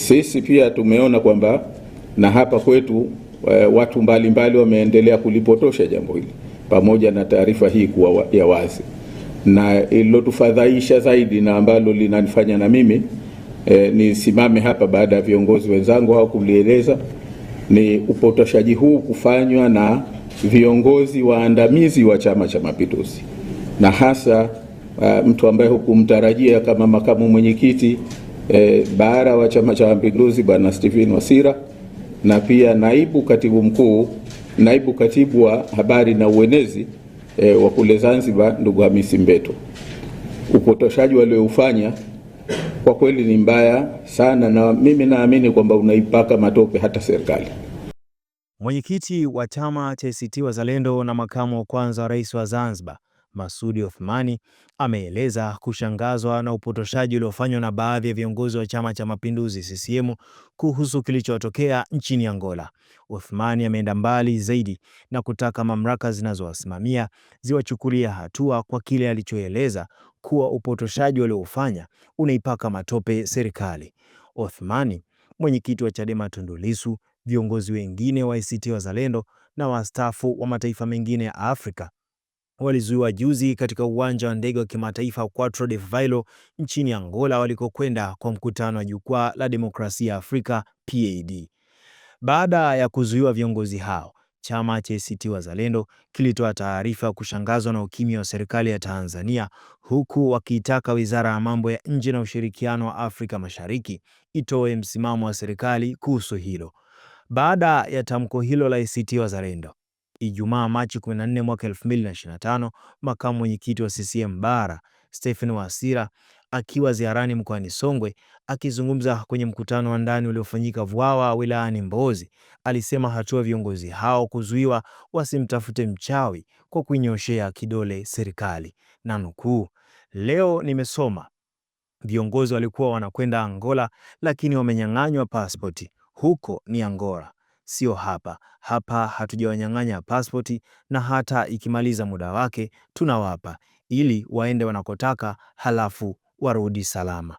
Sisi pia tumeona kwamba na hapa kwetu eh, watu mbalimbali wameendelea kulipotosha jambo hili pamoja na taarifa hii kuwa ya wazi, na ililotufadhaisha zaidi na ambalo linanifanya na mimi e, nisimame hapa baada ya viongozi wenzangu hao kulieleza ni upotoshaji huu kufanywa na viongozi waandamizi wa Chama cha Mapinduzi na hasa uh, mtu ambaye hukumtarajia kama makamu mwenyekiti e, bara wa Chama cha Mapinduzi Bwana Stephen Wasira na pia naibu katibu mkuu, naibu katibu wa habari na uenezi e, wa kule Zanzibar ndugu Hamisi Mbeto. Upotoshaji walioufanya kwa kweli ni mbaya sana, na mimi naamini kwamba unaipaka matope hata serikali. Mwenyekiti wa chama cha ACT Wazalendo na makamu wa kwanza wa rais wa Zanzibar masudi othmani ameeleza kushangazwa na upotoshaji uliofanywa na baadhi ya viongozi wa Chama cha Mapinduzi CCM kuhusu kilichotokea nchini Angola. othmani ameenda mbali zaidi na kutaka mamlaka zinazowasimamia ziwachukulia hatua kwa kile alichoeleza kuwa upotoshaji waliofanya unaipaka matope serikali. othmani mwenyekiti wa Chadema Tundu Lissu, viongozi wengine wa ACT Wazalendo na wastaafu wa mataifa mengine ya Afrika walizuiwa juzi katika uwanja wa ndege wa kimataifa Quatro de Failo nchini Angola walikokwenda kwa mkutano wa Jukwaa la Demokrasia ya Afrika PAD. Baada ya kuzuiwa viongozi hao, chama cha ACT Wazalendo kilitoa taarifa ya kushangazwa na ukimya wa serikali ya Tanzania, huku wakiitaka Wizara ya Mambo ya Nje na Ushirikiano wa Afrika Mashariki itoe msimamo wa serikali kuhusu hilo. Baada ya tamko hilo la ACT Wazalendo, Ijumaa Machi 14 mwaka 2025, makamu mwenyekiti wa CCM Bara Stephen Wasira akiwa ziarani mkoani Songwe akizungumza kwenye mkutano wa ndani uliofanyika Vwawa wilayani Mbozi alisema hatua viongozi hao kuzuiwa wasimtafute mchawi kwa kuinyoshea kidole serikali, na nukuu, leo nimesoma viongozi walikuwa wanakwenda Angola lakini wamenyang'anywa pasipoti, huko ni Angola sio hapa. Hapa hatujawanyang'anya pasipoti, na hata ikimaliza muda wake tunawapa ili waende wanakotaka, halafu warudi salama.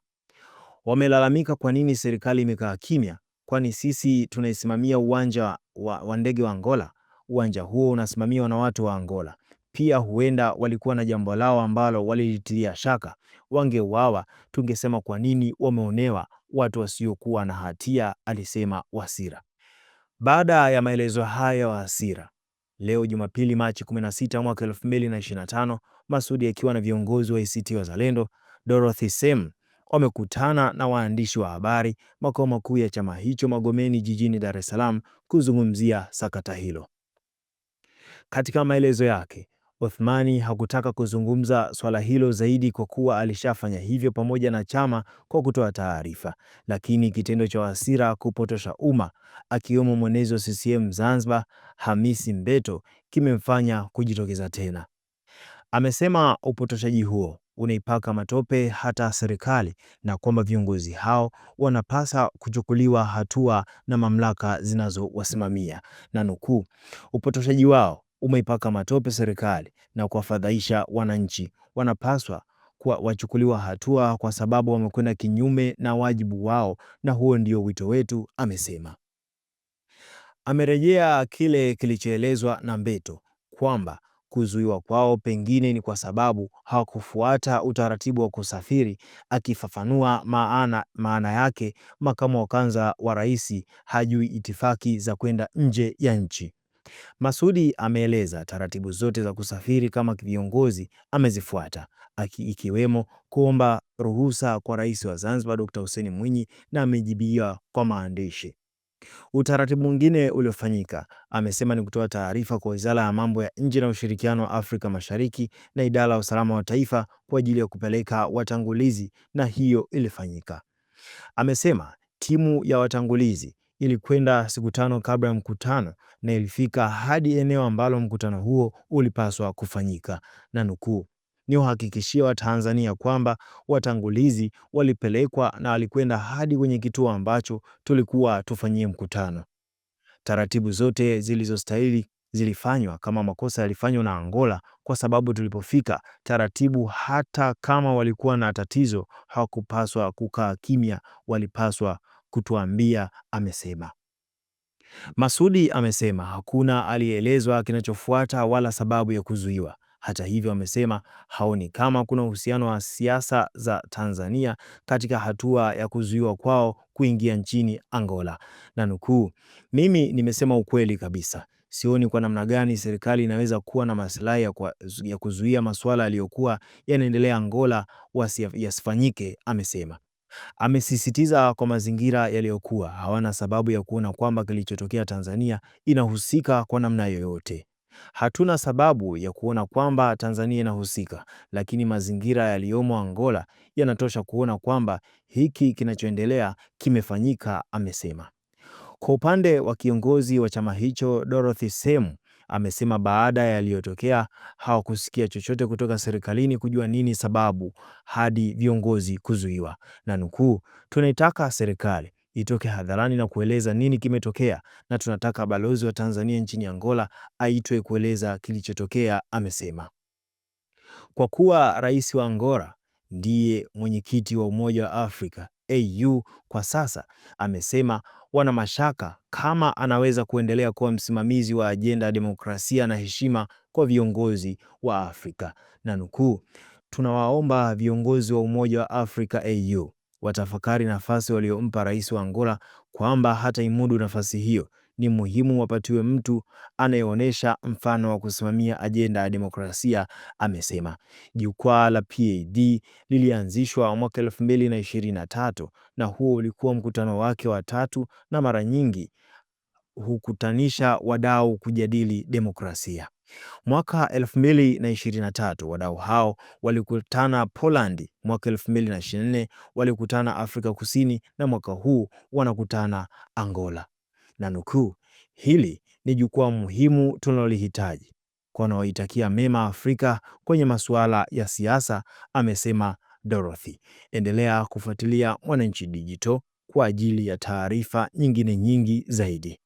Wamelalamika kwa nini serikali imekaa kimya, kwani sisi tunaisimamia uwanja wa, wa ndege wa Angola. Uwanja huo unasimamiwa na watu wa Angola. Pia huenda walikuwa na jambo lao ambalo walilitilia shaka. Wangeuawa, tungesema kwa nini wameonewa watu wasiokuwa na hatia, alisema Wasira. Baada ya maelezo hayo ya hasira, leo Jumapili Machi 16 mwaka 2025, Masudi akiwa na viongozi wa ACT Wazalendo, Dorothy Semu wamekutana na waandishi wa habari makao makuu ya chama hicho Magomeni jijini Dar es Salaam kuzungumzia sakata hilo. Katika maelezo yake, Othmani hakutaka kuzungumza swala hilo zaidi kwa kuwa alishafanya hivyo pamoja na chama kwa kutoa taarifa, lakini kitendo cha Wasira kupotosha umma, akiwemo mwenezi wa CCM Zanzibar Hamisi Mbeto, kimemfanya kujitokeza tena. Amesema upotoshaji huo unaipaka matope hata serikali na kwamba viongozi hao wanapasa kuchukuliwa hatua na mamlaka zinazowasimamia, na nukuu, upotoshaji wao umeipaka matope serikali na kuwafadhaisha wananchi. Wanapaswa kuwa wachukuliwa hatua kwa sababu wamekwenda kinyume na wajibu wao, na huo ndio wito wetu, amesema. Amerejea kile kilichoelezwa na Mbeto kwamba kuzuiwa kwao pengine ni kwa sababu hawakufuata utaratibu wa kusafiri. Akifafanua maana, maana yake, makamu wa kwanza wa rais hajui itifaki za kwenda nje ya nchi. Masudi ameeleza taratibu zote za kusafiri kama viongozi amezifuata, ikiwemo kuomba ruhusa kwa Rais wa Zanzibar Dr. Hussein Mwinyi na amejibiwa kwa maandishi. Utaratibu mwingine uliofanyika amesema ni kutoa taarifa kwa Wizara ya Mambo ya Nje na Ushirikiano wa Afrika Mashariki na Idara ya Usalama wa Taifa kwa ajili ya kupeleka watangulizi na hiyo ilifanyika. Amesema timu ya watangulizi ilikwenda siku tano kabla ya mkutano na ilifika hadi eneo ambalo mkutano huo ulipaswa kufanyika, na nukuu, niwahakikishie Watanzania kwamba watangulizi walipelekwa na walikwenda hadi kwenye kituo ambacho tulikuwa tufanyie mkutano. Taratibu zote zilizostahili zilifanywa kama makosa yalifanywa na Angola, kwa sababu tulipofika taratibu, hata kama walikuwa na tatizo hawakupaswa kukaa kimya, walipaswa kutuambia amesema. Masudi amesema hakuna aliyeelezwa kinachofuata wala sababu ya kuzuiwa. Hata hivyo, amesema haoni kama kuna uhusiano wa siasa za Tanzania katika hatua ya kuzuiwa kwao kuingia nchini Angola, na nukuu, mimi nimesema ukweli kabisa Sioni kwa namna gani serikali inaweza kuwa na maslahi ya, ya kuzuia masuala yaliyokuwa yanaendelea Angola yasifanyike, amesema. Amesisitiza kwa mazingira yaliyokuwa, hawana sababu ya kuona kwamba kilichotokea Tanzania inahusika kwa namna yoyote. Hatuna sababu ya kuona kwamba Tanzania inahusika, lakini mazingira yaliyomo Angola yanatosha kuona kwamba hiki kinachoendelea kimefanyika, amesema. Kwa upande wa kiongozi wa chama hicho Dorothy Semu, amesema baada ya yaliyotokea hawakusikia chochote kutoka serikalini kujua nini sababu hadi viongozi kuzuiwa, na nukuu, tunaitaka serikali itoke hadharani na kueleza nini kimetokea, na tunataka balozi wa Tanzania nchini Angola aitwe kueleza kilichotokea, amesema. Kwa kuwa rais wa Angola ndiye mwenyekiti wa Umoja wa Afrika AU kwa sasa, amesema wana mashaka kama anaweza kuendelea kuwa msimamizi wa ajenda ya demokrasia na heshima kwa viongozi wa Afrika, na nukuu, tunawaomba viongozi wa Umoja wa Afrika AU watafakari nafasi waliompa rais wa Angola kwamba imudu nafasi hiyo. Ni muhimu wapatiwe mtu anayeonyesha mfano wa kusimamia ajenda ya demokrasia, amesema. Jukwaa la PAD lilianzishwa mwaka 2023 na huo ulikuwa mkutano wake wa tatu, na mara nyingi hukutanisha wadau kujadili demokrasia. Mwaka 2023 wadau hao walikutana Poland, mwaka 2024 walikutana Afrika Kusini na mwaka huu wanakutana Angola. Na nukuu, hili ni jukwaa muhimu tunalolihitaji kwa wanaoitakia mema Afrika kwenye masuala ya siasa, amesema Dorothy. Endelea kufuatilia Mwananchi Digital kwa ajili ya taarifa nyingine nyingi zaidi.